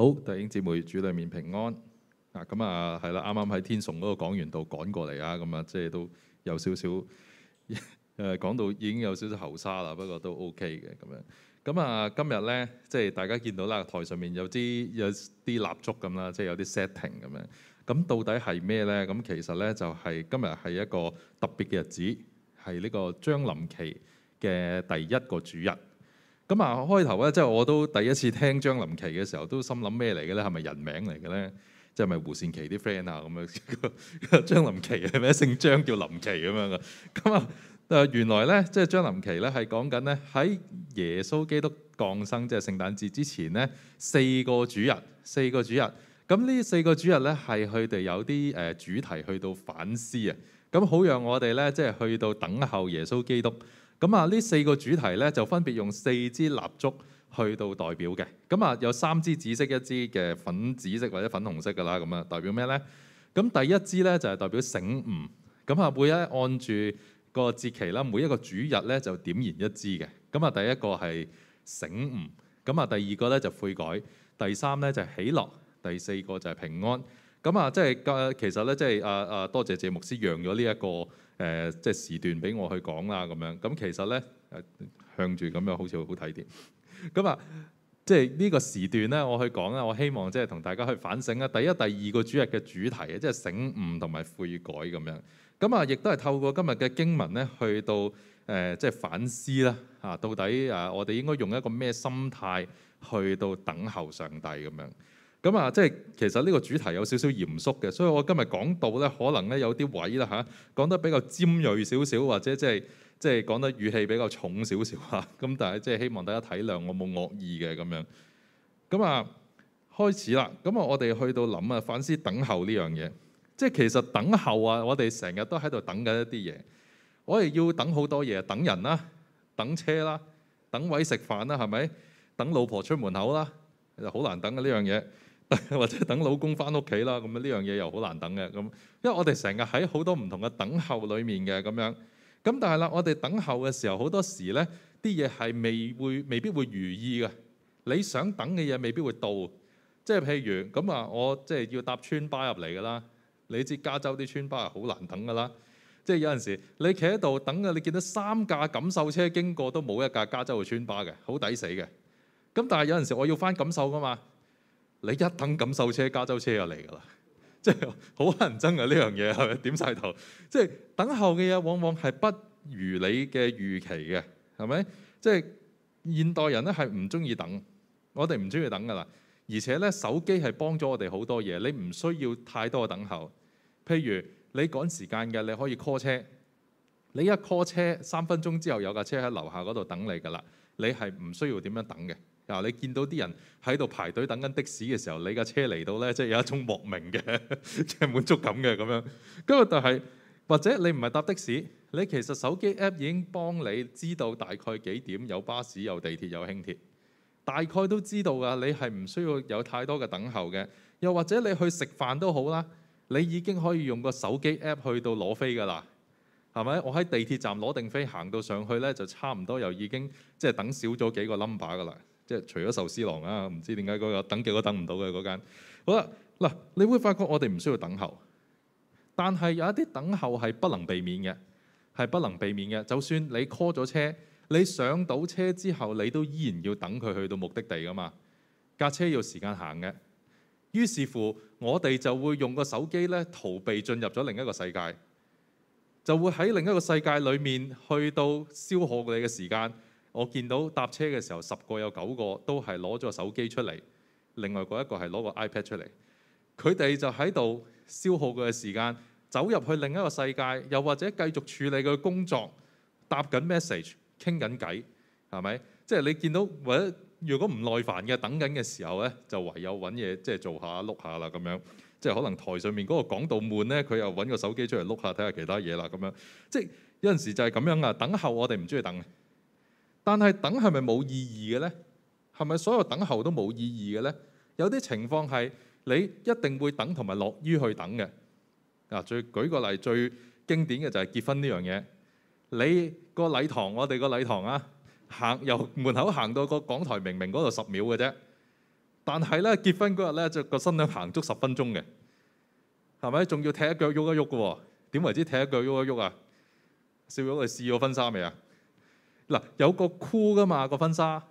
好，弟兄姊妹，主裏面平安。嗱，咁啊，係、嗯、啦，啱啱喺天崇嗰個港園度趕過嚟啊，咁啊，即係都有少少誒，講、啊、到已經有少少喉沙啦，不過都 OK 嘅咁樣。咁啊，今日咧，即係大家見到啦，台上面有啲有啲蠟燭咁啦，即係有啲 setting 咁、啊、樣。咁到底係咩咧？咁其實咧就係、是、今日係一個特別嘅日子，係呢個將臨期嘅第一個主日。咁啊，開頭咧，即係我都第一次聽將臨期嘅時候，都心諗咩嚟嘅咧？係咪人名嚟嘅咧？即係咪胡善琪啲 friend 啊？咁 樣將臨期係咩？姓張叫林琪咁樣嘅。咁啊，誒原來咧，即係將臨期咧，係講緊咧喺耶穌基督降生，即係聖誕節之前咧，四個主日，四個主日。咁呢四個主日咧，係佢哋有啲誒主題去到反思啊。咁好讓我哋咧，即係去到等候耶穌基督。咁啊，呢四個主題呢，就分別用四支蠟燭去到代表嘅。咁啊，有三支紫色，一支嘅粉紫色或者粉紅色噶啦。咁啊，代表咩呢？咁第一支呢，就係代表醒悟。咁啊，會呢，按住個節期啦，每一個主日呢，就點燃一支嘅。咁啊，第一個係醒悟。咁啊，第二個呢，就悔改，第三呢，就喜樂，第四個就係平安。咁啊，即係，其實咧，即係，啊啊，多謝謝牧師讓咗呢一個，誒，即係時段俾我去講啦，咁樣。咁其實咧，向住咁樣好似好睇啲。咁啊，即係呢個時段咧，我去講啦。 我希望即係同大家去反省啊。第一、第二個主日嘅主題啊，即係醒悟同埋悔改咁樣。咁啊，亦都係透過今日嘅經文咧，去到，誒，即係反思啦。啊，到底啊，我哋應該用一個咩心態去到等候上帝咁樣？咁啊，即係其實呢個主題有少少嚴肅嘅，所以我今日講到咧，可能咧有啲位啦嚇、啊，講得比較尖銳少少，或、啊、者即係即係講得語氣比較重少少嚇。咁、啊、但係即係希望大家體諒我冇惡意嘅咁樣。咁啊，開始啦。咁啊，我哋去到諗啊，反思等候呢樣嘢。即係其實等候啊，我哋成日都喺度等緊一啲嘢。我哋要等好多嘢，等人啦、啊，等車啦、啊，等位食飯啦、啊，係咪？等老婆出門口啦、啊，就好難等嘅、啊、呢樣嘢。 或者等老公翻屋企啦，咁樣呢樣嘢又好難等嘅，咁因為我哋成日喺好多唔同嘅等候裡面嘅咁樣，咁但係啦，我哋等候嘅時候好多時呢啲嘢係未會未必會如意嘅。你想等嘅嘢未必會到，即係譬如咁啊，我即係要搭村巴入嚟噶啦，你知加州啲村巴係好難等噶啦，即係有陣時你企喺度等嘅，你見到三架感受車經過都冇一架加州嘅村巴嘅，好抵死嘅。咁但係有陣時我要翻感受噶嘛。你一等咁，售車加州車又嚟噶啦！即係好乞人憎啊！呢樣嘢係咪點晒頭？即 係等候嘅嘢，往往係不如你嘅預期嘅，係咪？即係現代人咧係唔中意等，我哋唔中意等噶啦。而且咧手機係幫咗我哋好多嘢，你唔需要太多等候。譬如你趕時間嘅，你可以 call 車。你一 call 車，三分鐘之後有架車喺樓下嗰度等你噶啦。你係唔需要點樣等嘅。嗱，你見到啲人喺度排隊等緊的士嘅時候，你架車嚟到呢，即係有一種莫名嘅即係滿足感嘅咁樣。咁啊，但係或者你唔係搭的士，你其實手機 app 已經幫你知道大概幾點有巴士、有地鐵、有輕鐵，大概都知道噶。你係唔需要有太多嘅等候嘅。又或者你去食飯都好啦，你已經可以用個手機 app 去到攞飛噶啦，係咪？我喺地鐵站攞定飛，行到上去呢，就差唔多，又已經即係等少咗幾個 number 噶啦。即除咗壽司郎啊，唔知點解嗰個等極都等唔到嘅嗰間。好啦，嗱，你會發覺我哋唔需要等候，但係有一啲等候係不能避免嘅，係不能避免嘅。就算你 call 咗車，你上到車之後，你都依然要等佢去到目的地㗎嘛。架車要時間行嘅，於是乎我哋就會用個手機咧，逃避進入咗另一個世界，就會喺另一個世界裡面去到消耗你嘅時間。我見到搭車嘅時候，十個有九個都係攞咗手機出嚟，另外一個係攞個 iPad 出嚟，佢哋就喺度消耗佢嘅時間，走入去另一個世界，又或者繼續處理佢嘅工作，搭緊 message，傾緊偈，係咪？即係你見到或者如果唔耐煩嘅等緊嘅時候咧，就唯有揾嘢即係做下、碌下啦咁樣。即係可能台上面嗰個講到悶咧，佢又揾個手機出嚟碌下睇下其他嘢啦咁樣。即係有陣時就係咁樣啊，等候我哋唔中意等。但係等係咪冇意義嘅咧？係咪所有等候都冇意義嘅咧？有啲情況係你一定會等同埋樂於去等嘅。嗱、啊，最舉個例最經典嘅就係結婚呢樣嘢。你個禮堂，我哋個禮堂啊，行由門口行到個講台，明明嗰度十秒嘅啫。但係咧結婚嗰日咧，就個新娘行足十分鐘嘅，係咪？仲要踢一腳喐一喐嘅喎？點為之踢一腳喐一喐啊？小咗佢試過婚紗未啊？嗱，有個箍㗎嘛，個婚紗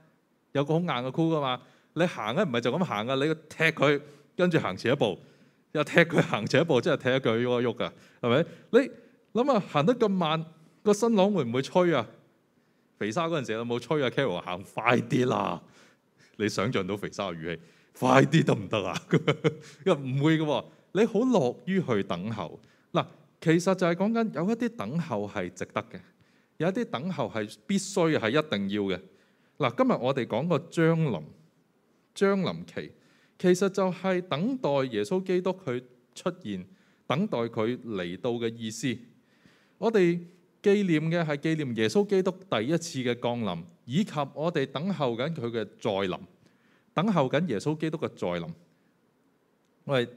有個好硬嘅箍㗎嘛。你行咧，唔係就咁行㗎，你踢佢，跟住行前一步，又踢佢行前一步，即係踢一腳喐一喐㗎，係咪？你諗下行得咁慢，個新郎會唔會吹啊？肥沙嗰陣時有冇吹啊？Carol 行快啲啦！你想象到肥沙嘅語氣，快啲得唔得啊？因為唔會嘅喎，你好樂於去等候。嗱，其實就係講緊有一啲等候係值得嘅。有啲等候係必須嘅，係一定要嘅。嗱，今日我哋講個將臨，將臨期，其實就係等待耶穌基督佢出現，等待佢嚟到嘅意思。我哋紀念嘅係紀念耶穌基督第一次嘅降臨，以及我哋等候緊佢嘅再臨，等候緊耶穌基督嘅再臨。我哋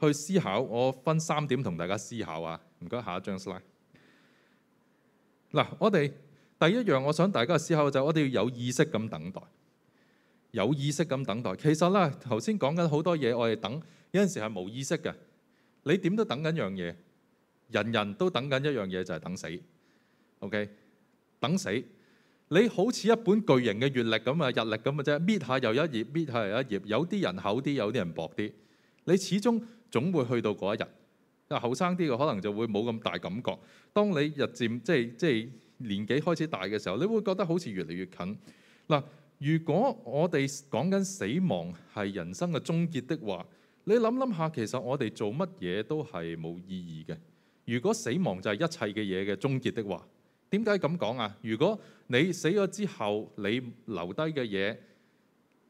去思考，我分三點同大家思考啊。唔該，下一張 s l 嗱，我哋第一樣我想大家思考就係我哋要有意識咁等待，有意識咁等待。其實咧，頭先講緊好多嘢，我哋等有陣時係無意識嘅。你點都等緊樣嘢，人人都等緊一樣嘢就係等死。OK，等死。你好似一本巨型嘅月曆咁啊，日曆咁嘅啫，搣下又一頁，搣下又一頁。有啲人厚啲，有啲人薄啲。你始終總會去到嗰一日。啊，後生啲嘅可能就會冇咁大感覺。當你日漸即係即係年紀開始大嘅時候，你會覺得好似越嚟越近。嗱，如果我哋講緊死亡係人生嘅終結的話，你諗諗下，其實我哋做乜嘢都係冇意義嘅。如果死亡就係一切嘅嘢嘅終結的話，點解咁講啊？如果你死咗之後，你留低嘅嘢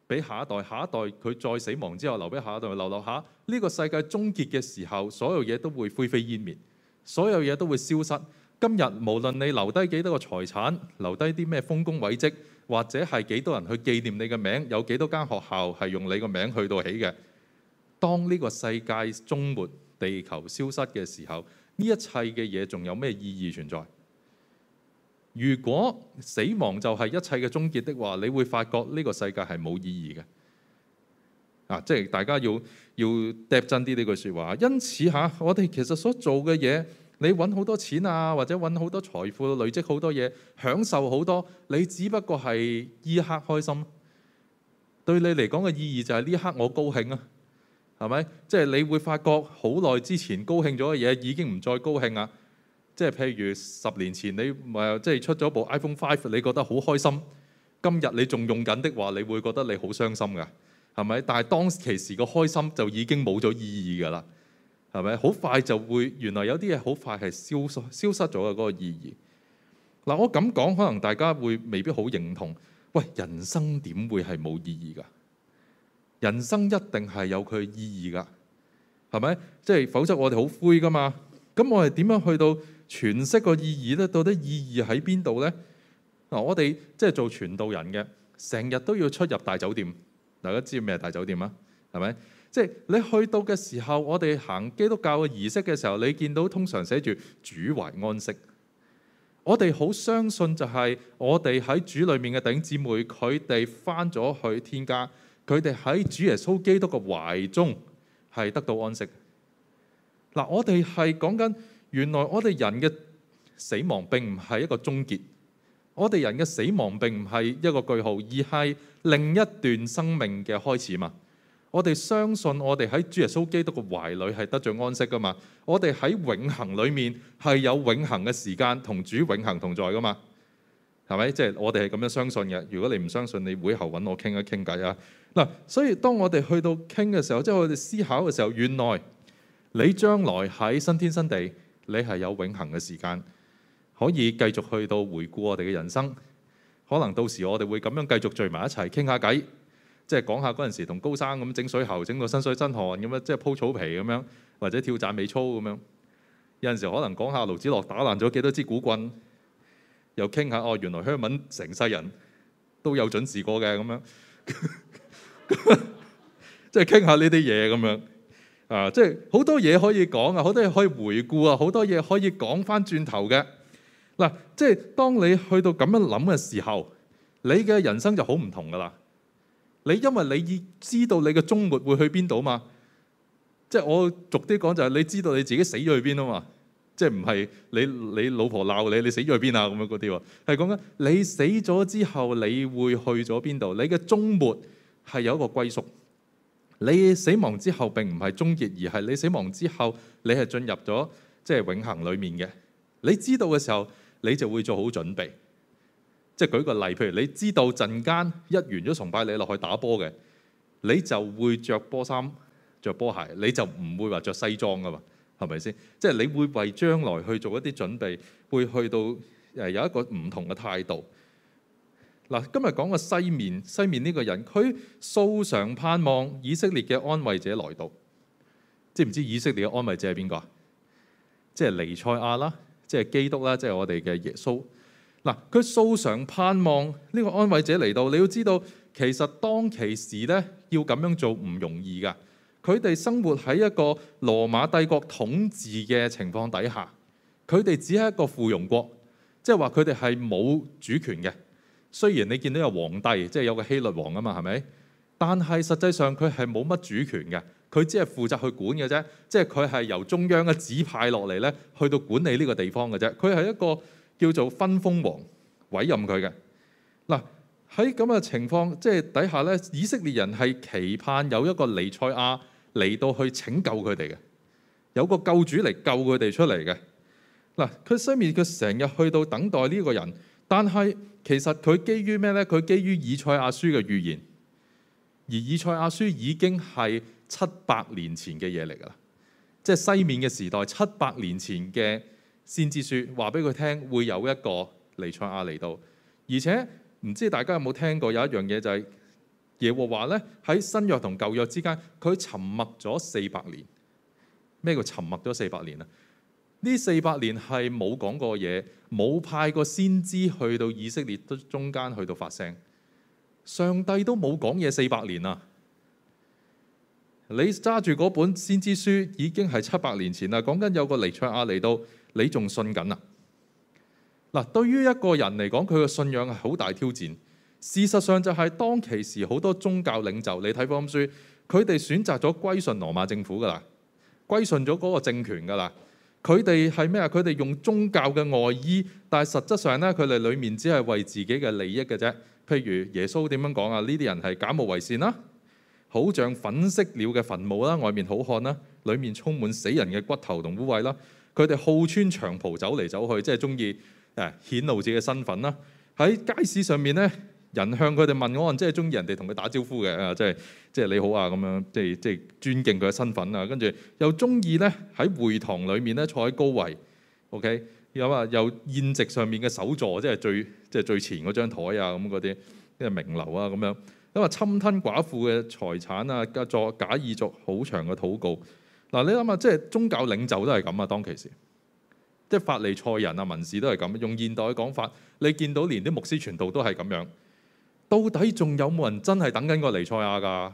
俾下一代，下一代佢再死亡之後留俾下一代，留留下，呢個世界終結嘅時候，所有嘢都會灰飛煙滅，所有嘢都會消失。今日無論你留低幾多個財產，留低啲咩豐功偉績，或者係幾多人去紀念你嘅名，有幾多間學校係用你個名去到起嘅。當呢個世界終末、地球消失嘅時候，呢一切嘅嘢仲有咩意義存在？如果死亡就係一切嘅終結的話，你會發覺呢個世界係冇意義嘅。啊，即係大家要要嗒真啲呢句説話。因此嚇、啊，我哋其實所做嘅嘢，你揾好多錢啊，或者揾好多財富，累積好多嘢，享受好多，你只不過係依刻開心、啊。對你嚟講嘅意義就係呢刻我高興啊，係咪？即係你會發覺好耐之前高興咗嘅嘢已經唔再高興啊。即係譬如十年前你即係出咗部 iPhone Five，你覺得好開心。今日你仲用緊的話，你會覺得你好傷心㗎。係咪？但係當其時個開心就已經冇咗意義㗎啦。係咪？好快就會原來有啲嘢好快係消消失咗嘅嗰個意義嗱、呃？我咁講，可能大家會未必好認同。喂，人生點會係冇意義㗎？人生一定係有佢意義㗎，係咪？即係否則我哋好灰㗎嘛。咁我哋點樣去到詮釋個意義咧？到底意義喺邊度咧？嗱、呃，我哋即係做傳道人嘅，成日都要出入大酒店。大家知咩大酒店啊？係咪？即係你去到嘅時候，我哋行基督教嘅儀式嘅時候，你見到通常寫住主懷安息。我哋好相信就係我哋喺主裏面嘅弟兄姊妹，佢哋翻咗去天家，佢哋喺主耶穌基督嘅懷中係得到安息。嗱，我哋係講緊原來我哋人嘅死亡並唔係一個終結。我哋人嘅死亡並唔係一個句號，而係另一段生命嘅開始嘛。我哋相信我哋喺主耶穌基督嘅懷裏係得着安息噶嘛。我哋喺永恒裏面係有永恒嘅時間，同主永恒同在噶嘛。係咪？即係我哋係咁樣相信嘅。如果你唔相信，你會後搵我傾一傾偈啊。嗱，所以當我哋去到傾嘅時候，即係我哋思考嘅時候，原來你將來喺新天新地，你係有永恒嘅時間。可以繼續去到回顧我哋嘅人生，可能到時我哋會咁樣繼續聚埋一齊傾下偈，即係講下嗰陣時同高生咁整水喉，整到身水身汗咁樣，即係鋪草皮咁樣，或者跳讚美操咁樣。有陣時可能講下盧子樂打爛咗幾多支鼓棍，又傾下哦，原來香港成世人都有準時過嘅咁樣，即係傾下呢啲嘢咁樣。啊，即係好多嘢可以講啊，好多嘢可以回顧啊，好多嘢可以講返轉頭嘅。嗱，即係當你去到咁樣諗嘅時候，你嘅人生就好唔同噶啦。你因為你已知道你嘅終末會去邊度嘛？即係我逐啲講就係你知道你自己死咗去邊啊嘛？即係唔係你你老婆鬧你，你死咗去邊啊？咁樣嗰啲啊，係講緊你死咗之後，你會去咗邊度？你嘅終末係有一個歸宿。你死亡之後並唔係終結，而係你死亡之後，你係進入咗即係永恆裡面嘅。你知道嘅時候，你就會做好準備，即係舉個例，譬如你知道陣間一完咗崇拜，你落去打波嘅，你就會着波衫、着波鞋，你就唔會話着西裝㗎嘛，係咪先？即係你會為將來去做一啲準備，會去到誒有一個唔同嘅態度。嗱，今日講個西面，西面呢個人，佢素常盼望以色列嘅安慰者來到，知唔知以色列嘅安慰者係邊個啊？即係彌賽亞啦。即係基督啦，即係我哋嘅耶穌。嗱，佢素常盼望呢個安慰者嚟到。你要知道，其實當其時咧，要咁樣做唔容易㗎。佢哋生活喺一個羅馬帝國統治嘅情況底下，佢哋只係一個附庸國，即係話佢哋係冇主權嘅。雖然你見到有皇帝，即係有個希律王啊嘛，係咪？但係實際上佢係冇乜主權嘅。佢只係負責去管嘅啫，即係佢係由中央嘅指派落嚟咧，去到管理呢個地方嘅啫。佢係一個叫做分封王委任佢嘅。嗱，喺咁嘅情況，即係底下咧，以色列人係期盼有一個尼賽亞嚟到去拯救佢哋嘅，有個救主嚟救佢哋出嚟嘅。嗱，佢西面佢成日去到等待呢個人，但係其實佢基於咩咧？佢基於以賽亞書嘅預言，而以賽亞書已經係，七百年前嘅嘢嚟噶啦，即係西面嘅時代。七百年前嘅先知説話俾佢聽，會有一個彌賽亞嚟到。而且唔知大家有冇聽過，有一樣嘢就係耶和華咧喺新約同舊約之間，佢沉默咗四百年。咩叫沉默咗四百年啊？呢四百年係冇講過嘢，冇派過先知去到以色列都中間去到發聲，上帝都冇講嘢四百年啊！你揸住嗰本先知書已經係七百年前啦，講緊有個彌賽亞嚟到，你仲信緊啊？嗱，對於一個人嚟講，佢嘅信仰係好大挑戰。事實上就係當其時好多宗教領袖，你睇福音書，佢哋選擇咗歸信羅馬政府噶啦，歸信咗嗰個政權噶啦。佢哋係咩啊？佢哋用宗教嘅外衣，但係實質上咧，佢哋裏面只係為自己嘅利益嘅啫。譬如耶穌點樣講啊？呢啲人係假冒為善啦、啊。好像粉色鳥嘅墳墓啦，外面好看啦，裡面充滿死人嘅骨頭同污穢啦。佢哋好穿長袍走嚟走去，即係中意誒顯露自己嘅身份啦。喺街市上面咧，人向佢哋問安，即係中意人哋同佢打招呼嘅啊，即係即係你好啊咁樣，即係即係尊敬佢嘅身份啊。跟住又中意咧喺會堂裡面咧坐喺高位，OK 有啊又宴席上面嘅首座，即係最即係最前嗰張台啊咁嗰啲，即係名流啊咁樣。咁啊，侵吞寡婦嘅財產啊，假作假意作好長嘅禱告。嗱，你諗下，即係宗教領袖都係咁啊，當其時，即係法利賽人啊、文士都係咁。用現代嘅講法，你見到連啲牧師傳道都係咁樣。到底仲有冇人真係等緊個彌賽亞噶？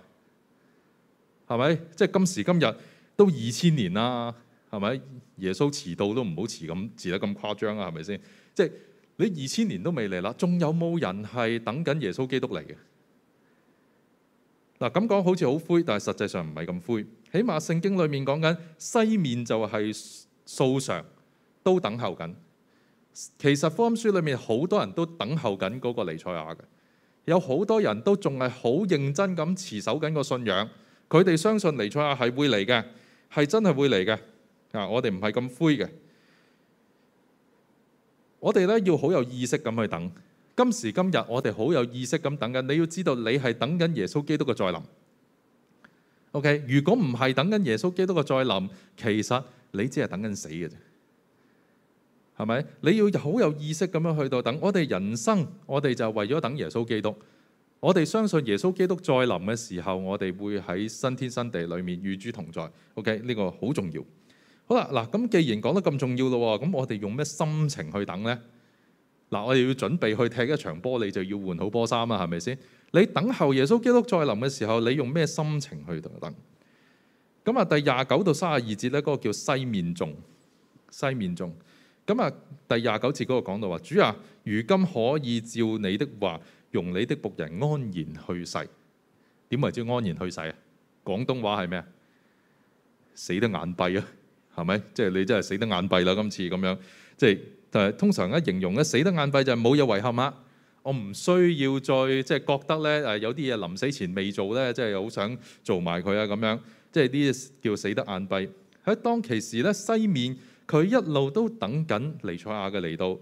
係咪？即係今時今日都二千年啦，係咪？耶穌遲到都唔好遲，咁遲得咁誇張啊，係咪先？即係你二千年都未嚟啦，仲有冇人係等緊耶穌基督嚟嘅？嗱，咁講好似好灰，但係實際上唔係咁灰。起碼聖經裏面講緊西面就係素常都等候緊。其實福音書裏面好多人都等候緊嗰個彌賽亞嘅，有好多人都仲係好認真咁持守緊個信仰。佢哋相信彌賽亞係會嚟嘅，係真係會嚟嘅。啊，我哋唔係咁灰嘅。我哋呢要好有意識咁去等。今時今日，我哋好有意識咁等緊。你要知道，你係等緊耶穌基督嘅再臨。OK，如果唔係等緊耶穌基督嘅再臨，其實你只係等緊死嘅啫，係咪？你要好有意識咁樣去到等。我哋人生，我哋就為咗等耶穌基督。我哋相信耶穌基督再臨嘅時候，我哋會喺新天新地裏面與主同在。OK，呢個好重要。好啦，嗱，咁既然講得咁重要咯，咁我哋用咩心情去等呢？嗱，我哋要準備去踢一場波，你就要換好波衫啊，係咪先？你等候耶穌基督再臨嘅時候，你用咩心情去等？等，咁啊，第廿九到三十二節咧，嗰個叫西面眾，西面眾。咁啊，第廿九節嗰個講到話，主啊，如今可以照你的話，用你的僕人安然去世。點為之安然去世啊？廣東話係咩啊？死得眼閉啊，係咪？即係你真係死得眼閉啦！今次咁樣，即係。就係通常咧，形容咧，死得眼閉就係冇有遺憾啊！我唔需要再即係覺得咧，誒有啲嘢臨死前未做咧，即係好想做埋佢啊咁樣，即係啲叫死得眼閉。喺當其時咧，西面佢一路都等緊彌賽亞嘅嚟到，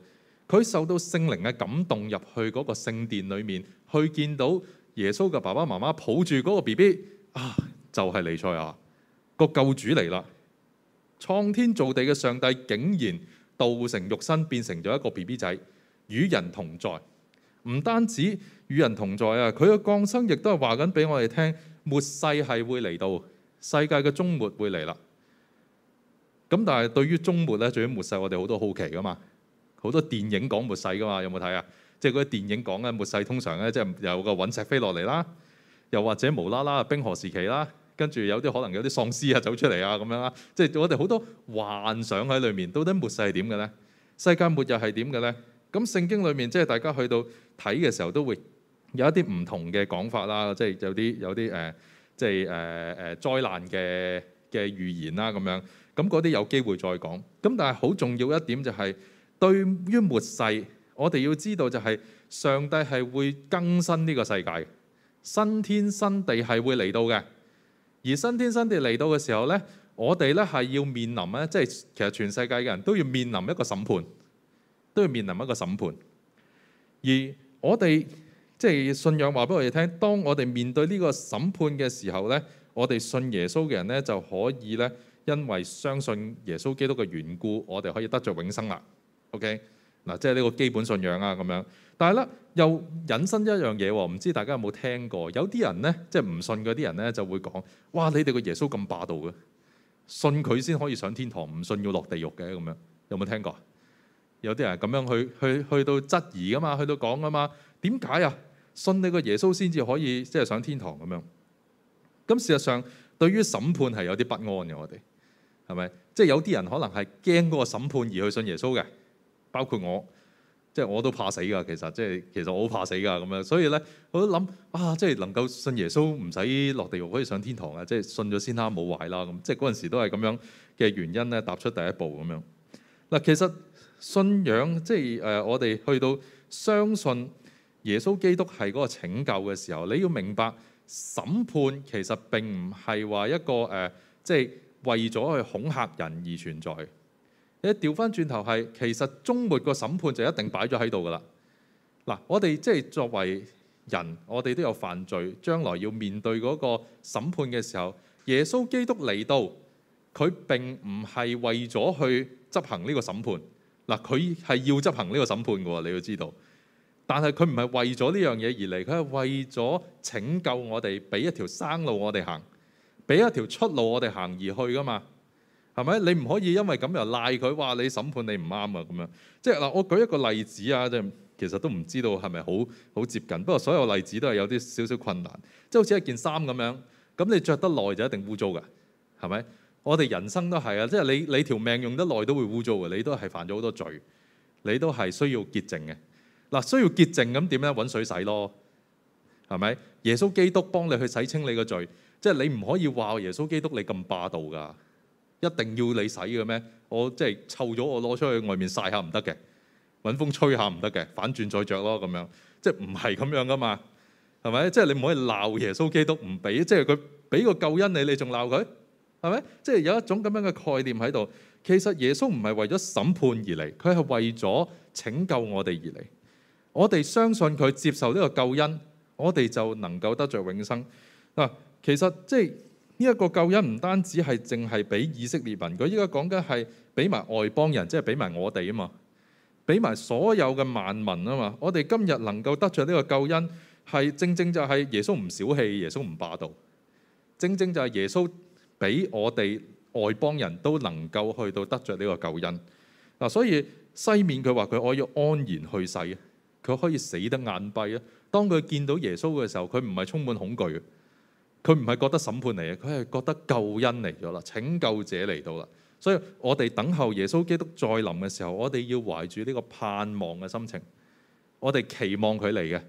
佢受到聖靈嘅感動入去嗰個聖殿裏面，去見到耶穌嘅爸爸媽媽抱住嗰個 B B 啊，就係、是、彌賽亞個救主嚟啦！創天造地嘅上帝竟然～道成肉身，變成咗一個 B B 仔，與人同在。唔單止與人同在啊，佢嘅降生亦都係話緊俾我哋聽，末世係會嚟到，世界嘅終末會嚟啦。咁但係對於終末咧，最緊末世，我哋好多好奇噶嘛，好多電影講末世噶嘛，有冇睇啊？即係嗰啲電影講咧末世，通常咧即係有個隕石飛落嚟啦，又或者無啦啦冰河時期啦。跟住有啲可能有啲喪屍啊走出嚟啊咁樣啦，即係我哋好多幻想喺裏面。到底末世係點嘅咧？世界末日係點嘅咧？咁聖經裏面即係大家去到睇嘅時候都會有一啲唔同嘅講法啦，即係有啲有啲誒、呃，即係誒誒災難嘅嘅預言啦咁樣。咁嗰啲有機會再講。咁但係好重要一點就係、是、對於末世，我哋要知道就係上帝係會更新呢個世界，新天新地係會嚟到嘅。而新天新地嚟到嘅時候呢，我哋呢係要面臨呢，即係其實全世界嘅人都要面臨一個審判，都要面臨一個審判。而我哋即係信仰話俾我哋聽，當我哋面對呢個審判嘅時候呢，我哋信耶穌嘅人呢，就可以呢，因為相信耶穌基督嘅緣故，我哋可以得著永生啦。OK，嗱，即係呢個基本信仰啊，咁樣。但係咧，又引申一樣嘢喎，唔知大家有冇聽過？有啲人咧，即係唔信嗰啲人咧，就會講：「哇，你哋個耶穌咁霸道嘅，信佢先可以上天堂，唔信要落地獄嘅咁樣。有冇聽過？有啲人咁樣去去去到質疑㗎嘛，去到講㗎嘛，點解啊？信你個耶穌先至可以即係上天堂咁樣？咁事實上，對於審判係有啲不安嘅，我哋係咪？即係、就是、有啲人可能係驚嗰個審判而去信耶穌嘅，包括我。即係我都怕死㗎，其實即係其實我好怕死㗎咁樣，所以咧我都諗啊，即係能夠信耶穌唔使落地獄可以上天堂啊！即係信咗先啦，冇壞啦咁。即係嗰陣時都係咁樣嘅原因咧，踏出第一步咁樣。嗱，其實信仰即係誒、呃，我哋去到相信耶穌基督係嗰個拯救嘅時候，你要明白審判其實並唔係話一個誒、呃，即係為咗去恐嚇人而存在。你掉返轉頭係，其實終末個審判就一定擺咗喺度噶啦。嗱，我哋即係作為人，我哋都有犯罪，將來要面對嗰個審判嘅時候，耶穌基督嚟到，佢並唔係為咗去執行呢個審判。嗱，佢係要執行呢個審判嘅喎，你要知道。但係佢唔係為咗呢樣嘢而嚟，佢係為咗拯救我哋，俾一條生路我哋行，俾一條出路我哋行而去噶嘛。係咪？你唔可以因為咁樣賴佢話你審判你唔啱啊？咁樣即係嗱，我舉一個例子啊！即係其實都唔知道係咪好好接近，不過所有例子都係有啲少少困難。即係好似一件衫咁樣，咁你着得耐就一定污糟嘅，係咪？我哋人生都係啊！即係你你條命用得耐都會污糟嘅，你都係犯咗好多罪，你都係需要潔淨嘅。嗱，需要潔淨咁點樣？揾水洗咯？係咪？耶穌基督幫你去洗清你個罪，即係你唔可以話耶穌基督你咁霸道㗎。一定要你洗嘅咩？我即係湊咗，臭我攞出去外面曬下唔得嘅？搵風吹下唔得嘅？反轉再着咯咁樣，即係唔係咁樣噶嘛？係咪？即係你唔可以鬧耶穌基督唔俾，即係佢俾個救恩你，你仲鬧佢？係咪？即係有一種咁樣嘅概念喺度。其實耶穌唔係為咗審判而嚟，佢係為咗拯救我哋而嚟。我哋相信佢接受呢個救恩，我哋就能夠得着永生。嗱，其實即係。呢一個救恩唔單止係淨係俾以色列民，佢依家講緊係俾埋外邦人，即係俾埋我哋啊嘛，俾埋所有嘅萬民啊嘛。我哋今日能夠得着呢個救恩，係正正就係耶穌唔小氣，耶穌唔霸道，正正就係耶穌俾我哋外邦人都能夠去到得着呢個救恩嗱。所以西面佢話佢可以安然去世，佢可以死得眼閉啊。當佢見到耶穌嘅時候，佢唔係充滿恐懼。佢唔係覺得審判嚟嘅，佢係覺得救恩嚟咗啦，拯救者嚟到啦。所以我哋等候耶穌基督再臨嘅時候，我哋要懷住呢個盼望嘅心情，我哋期望佢嚟嘅，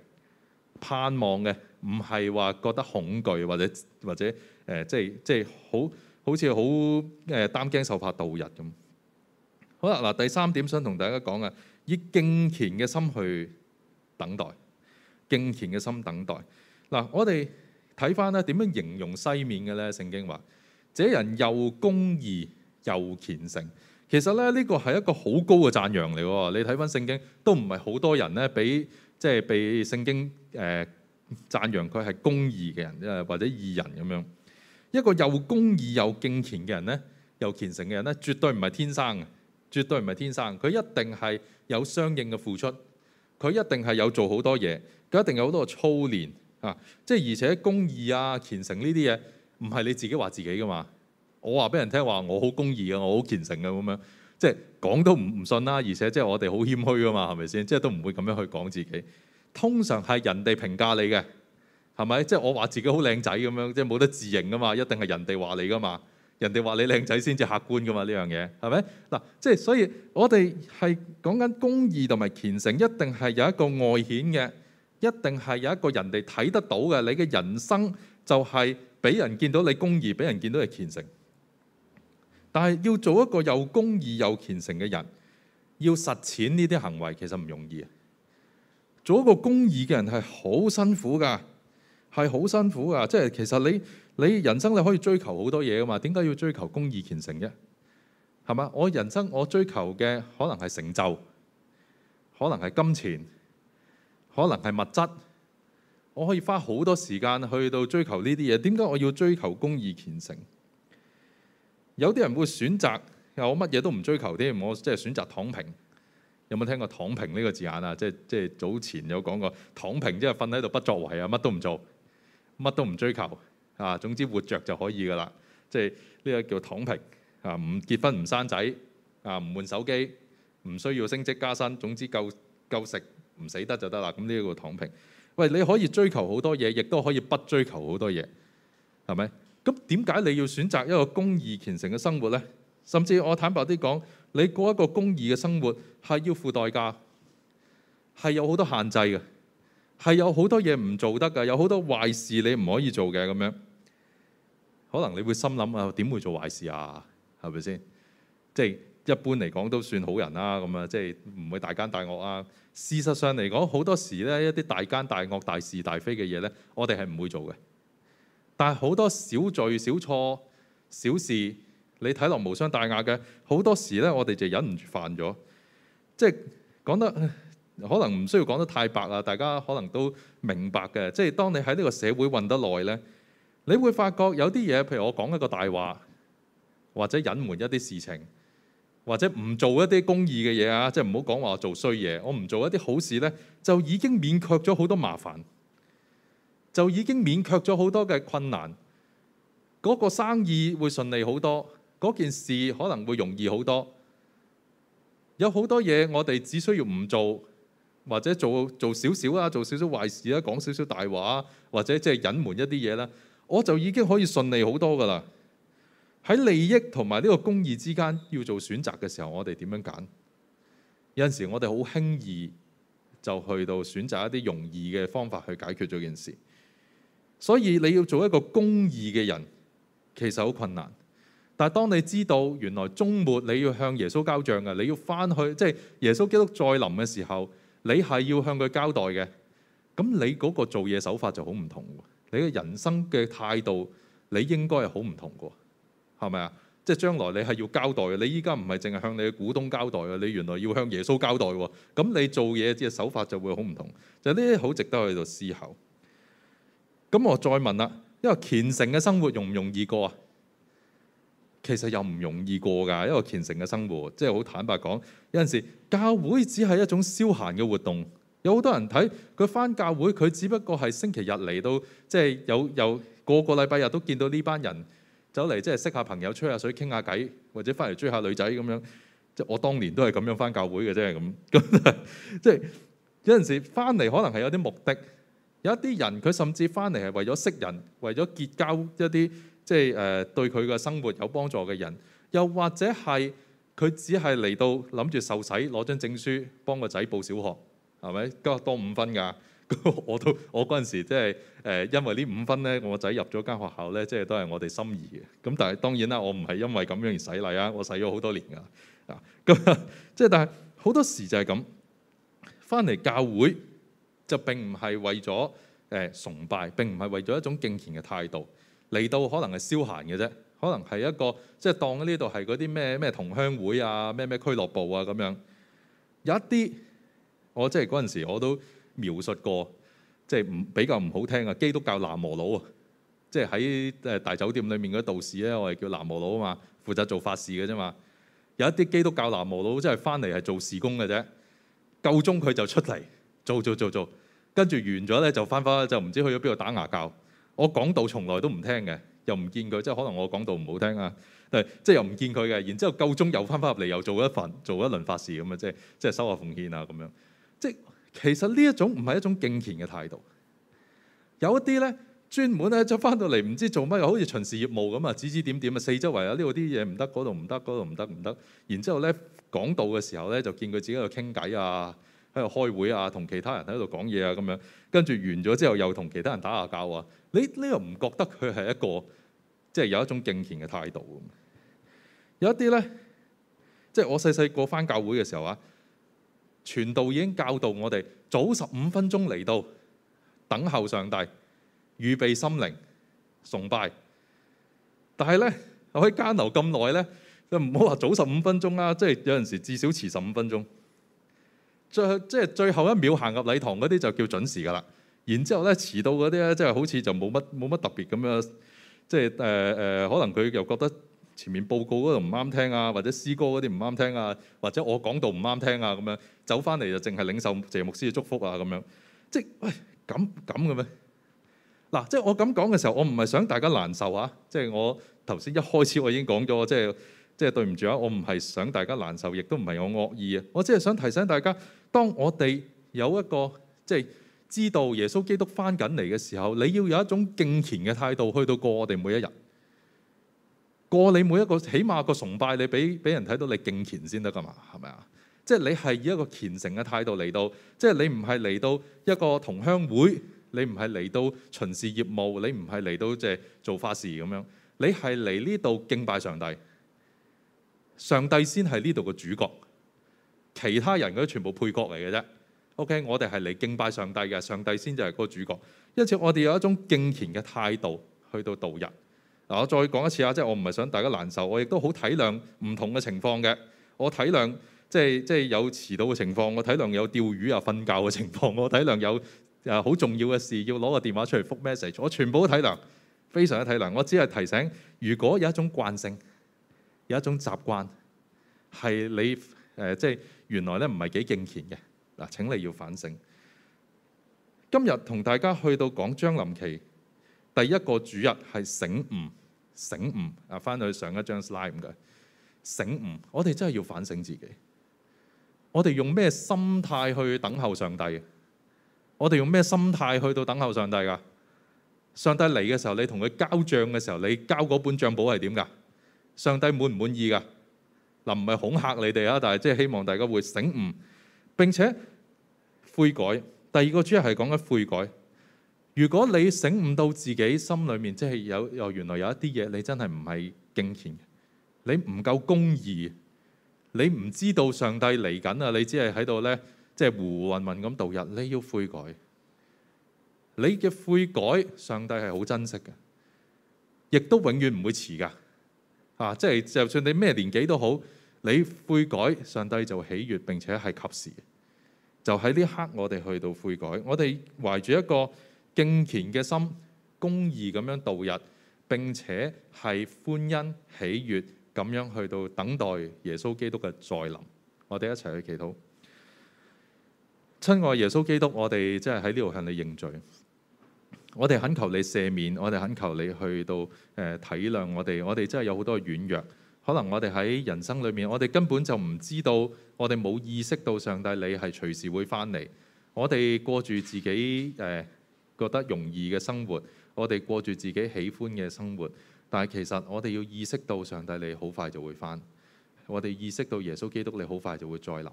盼望嘅，唔係話覺得恐懼或者或者誒，即係即係好好似好誒擔驚受怕度日咁。好啦，嗱第三點想同大家講嘅：以敬虔嘅心去等待，敬虔嘅心等待。嗱，我哋。睇翻咧點樣形容西面嘅咧？聖經話：這人又公義又虔誠。其實咧呢、呢個係一個好高嘅讚揚嚟。你睇翻聖經都唔係好多人咧，俾即係被聖經誒讚揚佢係公義嘅人，或者義人咁樣。一個又公義又敬虔嘅人咧，又虔誠嘅人咧，絕對唔係天生，絕對唔係天生。佢一定係有相應嘅付出，佢一定係有做好多嘢，佢一定有好多嘅操練。啊！即係而且公義啊、虔誠呢啲嘢，唔係你自己話自己噶嘛？我話俾人聽話我好公義啊，我好虔誠啊。咁樣，即係講都唔唔信啦。而且即係我哋好謙虛噶嘛，係咪先？即係都唔會咁樣去講自己。通常係人哋評價你嘅，係咪？即係我話自己好靚仔咁樣，即係冇得自認噶嘛。一定係人哋話你噶嘛。人哋話你靚仔先至客觀噶嘛，呢樣嘢，係咪？嗱，即係所以我哋係講緊公義同埋虔誠，一定係有一個外顯嘅。一定係有一個人哋睇得到嘅，你嘅人生就係俾人見到你公義，俾人見到你虔誠。但係要做一個有公義有虔誠嘅人，要實踐呢啲行為其實唔容易。做一個公義嘅人係好辛苦噶，係好辛苦噶。即係其實你你人生你可以追求好多嘢噶嘛？點解要追求公義虔誠啫？係咪？我人生我追求嘅可能係成就，可能係金錢。可能係物質，我可以花好多時間去到追求呢啲嘢。點解我要追求公義虔誠？有啲人會選擇，我乜嘢都唔追求添，我即係選擇躺平。有冇聽過躺平呢個字眼啊？即係即係早前有講過躺平，即係瞓喺度不作為啊，乜都唔做，乜都唔追求啊。總之活着就可以噶啦。即係呢個叫躺平啊，唔結婚唔生仔啊，唔換手機，唔需要升職加薪，總之夠夠食。唔死得就得啦，咁呢一個躺平，喂，你可以追求好多嘢，亦都可以不追求好多嘢，係咪？咁點解你要選擇一個公義虔誠嘅生活呢？甚至我坦白啲講，你過一個公義嘅生活係要付代價，係有好多限制嘅，係有好多嘢唔做得㗎，有好多壞事你唔可以做嘅咁樣。可能你會心諗啊，點會做壞事啊？係咪先？即係。一般嚟講都算好人啦，咁啊，即係唔會大奸大惡啊。事實上嚟講，好多時咧一啲大奸大惡、大是大非嘅嘢咧，我哋係唔會做嘅。但係好多小罪、小錯、小事，你睇落無傷大雅嘅，好多時咧我哋就忍唔住犯咗。即係講得可能唔需要講得太白啦，大家可能都明白嘅。即係當你喺呢個社會混得耐咧，你會發覺有啲嘢，譬如我講一個大話，或者隱瞞一啲事情。或者唔做一啲公義嘅嘢啊，即係唔好講話做衰嘢。我唔做一啲好事呢，就已經免卻咗好多麻煩，就已經免卻咗好多嘅困難。嗰、嗰個生意會順利好多，嗰件事可能會容易好多。有好多嘢我哋只需要唔做，或者做做少少啊，做少少壞事啊，講少少大話，或者即係隱瞞一啲嘢啦，我就已經可以順利好多噶啦。喺利益同埋呢個公義之間要做選擇嘅時候，我哋點樣揀？有陣時我哋好輕易就去到選擇一啲容易嘅方法去解決咗件事，所以你要做一個公義嘅人，其實好困難。但係當你知道原來終末你要向耶穌交賬嘅，你要翻去即係、就是、耶穌基督再臨嘅時候，你係要向佢交代嘅。咁你嗰個做嘢手法就好唔同，你嘅人生嘅態度，你應該係好唔同嘅。係咪啊？即係將來你係要交代嘅，你依家唔係淨係向你嘅股東交代嘅，你原來要向耶穌交代。咁你做嘢嘅手法就會好唔同。就呢啲好值得去度思考。咁我再問啦，因為虔誠嘅生活容唔容易過啊？其實又唔容易過噶，因為虔誠嘅生活，即係好坦白講，有陣時教會只係一種消閒嘅活動。有好多人睇佢返教會，佢只不過係星期日嚟到，即係有有個個禮拜日都見到呢班人。走嚟即係識下朋友，吹下水，傾下偈，或者翻嚟追下女仔咁樣。即我當年都係咁樣翻教會嘅啫咁。咁即係有陣時翻嚟可能係有啲目的。有一啲人佢甚至翻嚟係為咗識人，為咗結交一啲即係誒、呃、對佢嘅生活有幫助嘅人。又或者係佢只係嚟到諗住受洗攞張證書幫個仔報小學，係咪加多五分㗎？ 我都我嗰陣時即係誒，因為呢五分咧，我仔入咗間學校咧，即係都係我哋心儀嘅。咁但係當然啦，我唔係因為咁樣而洗禮啊，我洗咗好多年噶啊，咁即係但係好多時就係咁，翻嚟教會就並唔係為咗誒崇拜，並唔係為咗一種敬虔嘅態度嚟到可，可能係消閒嘅啫，可能係一個即係當呢度係嗰啲咩咩同鄉會啊，咩咩俱樂部啊咁樣。有一啲我即係嗰陣時我都。描述過，即係唔比較唔好聽啊，基督教南無佬啊，即係喺誒大酒店裏面嗰啲道士咧，我哋叫南無佬啊嘛，負責做法事嘅啫嘛。有一啲基督教南無佬即係翻嚟係做事工嘅啫，夠鐘佢就出嚟做做做做，跟住完咗咧就翻返，就唔知去咗邊度打牙教。我講道從來都唔聽嘅，又唔見佢，即係可能我講道唔好聽啊，即係又唔見佢嘅。然之後夠鐘又翻返入嚟，又做一份，做一輪法事咁啊，即係即係收下奉獻啊咁樣，即係。其實呢一種唔係一種敬虔嘅態度，有一啲咧專門咧就翻到嚟唔知做乜，又好似巡視業務咁啊，指指點點啊，四周圍啊呢度啲嘢唔得，嗰度唔得，嗰度唔得唔得。然之後咧講道嘅時候咧，就見佢自己喺度傾偈啊，喺度開會啊，同其他人喺度講嘢啊咁樣。跟住完咗之後，又同其他人打下交啊。你你又唔覺得佢係一個即係有一種敬虔嘅態度？有一啲咧，即係我細細個翻教會嘅時候啊。全道已經教導我哋早十五分鐘嚟到，等候上帝，預備心靈，崇拜。但係咧，我喺加恩樓咁耐咧，就唔好話早十五分鐘啦。即係有陣時至少遲十五分鐘。最即係最後一秒行入禮堂嗰啲就叫準時㗎啦。然之後咧，遲到嗰啲咧，即係好似就冇乜冇乜特別咁樣，即係誒誒，可能佢又覺得，前面報告嗰度唔啱聽啊，或者詩歌嗰啲唔啱聽啊，或者我講道唔啱聽啊，咁樣走翻嚟就淨係領受謝牧師嘅祝福啊，咁樣即係喂咁咁嘅咩？嗱，即係我咁講嘅時候，我唔係想大家難受啊！即係我頭先一開始我已經講咗，即係即係對唔住啊！我唔係想大家難受，亦都唔係我惡意啊！我只係想提醒大家，當我哋有一個即係知道耶穌基督翻緊嚟嘅時候，你要有一種敬虔嘅態度去到過我哋每一日。過你每一個，起碼個崇拜你，俾俾人睇到你敬虔先得㗎嘛？係咪啊？即係你係以一個虔誠嘅態度嚟到，即係你唔係嚟到一個同鄉會，你唔係嚟到巡視業務，你唔係嚟到即係做法事咁樣，你係嚟呢度敬拜上帝，上帝先係呢度個主角，其他人嗰啲全部配角嚟嘅啫。OK，我哋係嚟敬拜上帝嘅，上帝先就係個主角，因此我哋有一種敬虔嘅態度去到度日。嗱，我再講一次啊！即係我唔係想大家難受，我亦都好體諒唔同嘅情況嘅。我體諒即係即係有遲到嘅情況，我體諒有釣魚啊、瞓覺嘅情況，我體諒有誒好重要嘅事要攞個電話出嚟覆 message，我全部都體諒，非常嘅體諒。我只係提醒，如果有一種慣性，有一種習慣係你誒，即係原來咧唔係幾敬虔嘅，嗱，請你要反省。今日同大家去到講將臨期。第一個主日係醒悟，醒悟啊！翻去上一張 slide 嘅醒悟，我哋真係要反省自己。我哋用咩心態去等候上帝？我哋用咩心態去到等候上帝噶？上帝嚟嘅時候，你同佢交帳嘅時候，你交嗰本帳簿係點噶？上帝滿唔滿意噶？嗱，唔係恐嚇你哋啊，但係即係希望大家會醒悟並且悔改。第二個主日係講緊悔改。如果你醒悟到自己心裏面即係有，又原來有一啲嘢，你真係唔係敬虔，你唔夠公義，你唔知道上帝嚟緊啊！你只係喺度咧，即係糊糊混混咁度日。你要悔改，你嘅悔改上帝係好珍惜嘅，亦都永遠唔會遲噶啊！即係就算你咩年紀都好，你悔改，上帝就喜悅並且係及時。就喺呢刻，我哋去到悔改，我哋懷住一個。敬虔嘅心，公義咁樣度日，並且係歡欣喜悦咁樣去到等待耶穌基督嘅再臨。我哋一齊去祈禱，親愛耶穌基督，我哋真係喺呢度向你認罪。我哋懇求你赦免，我哋懇求你去到誒、呃、體諒我哋。我哋真係有好多軟弱，可能我哋喺人生裏面，我哋根本就唔知道，我哋冇意識到上帝你係隨時會翻嚟。我哋過住自己誒。呃覺得容易嘅生活，我哋過住自己喜歡嘅生活，但係其實我哋要意識到，上帝你好快就會返，我哋意識到耶穌基督你好快就會再臨，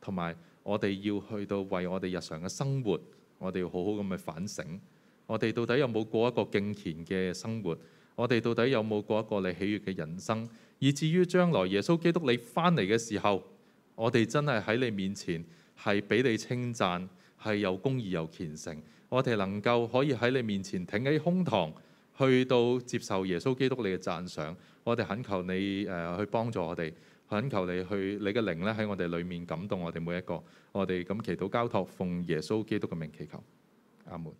同埋我哋要去到為我哋日常嘅生活，我哋要好好咁去反省，我哋到底有冇過一個敬虔嘅生活？我哋到底有冇過一個你喜悅嘅人生？以至於將來耶穌基督你返嚟嘅時候，我哋真係喺你面前係俾你稱讚，係有公義有虔誠。我哋能夠可以喺你面前挺起胸膛，去到接受耶穌基督你嘅讚賞。我哋懇求你誒、呃、去幫助我哋，懇求你去，你嘅靈咧喺我哋裏面感動我哋每一個。我哋咁祈禱交託，奉耶穌基督嘅名，祈求，阿門。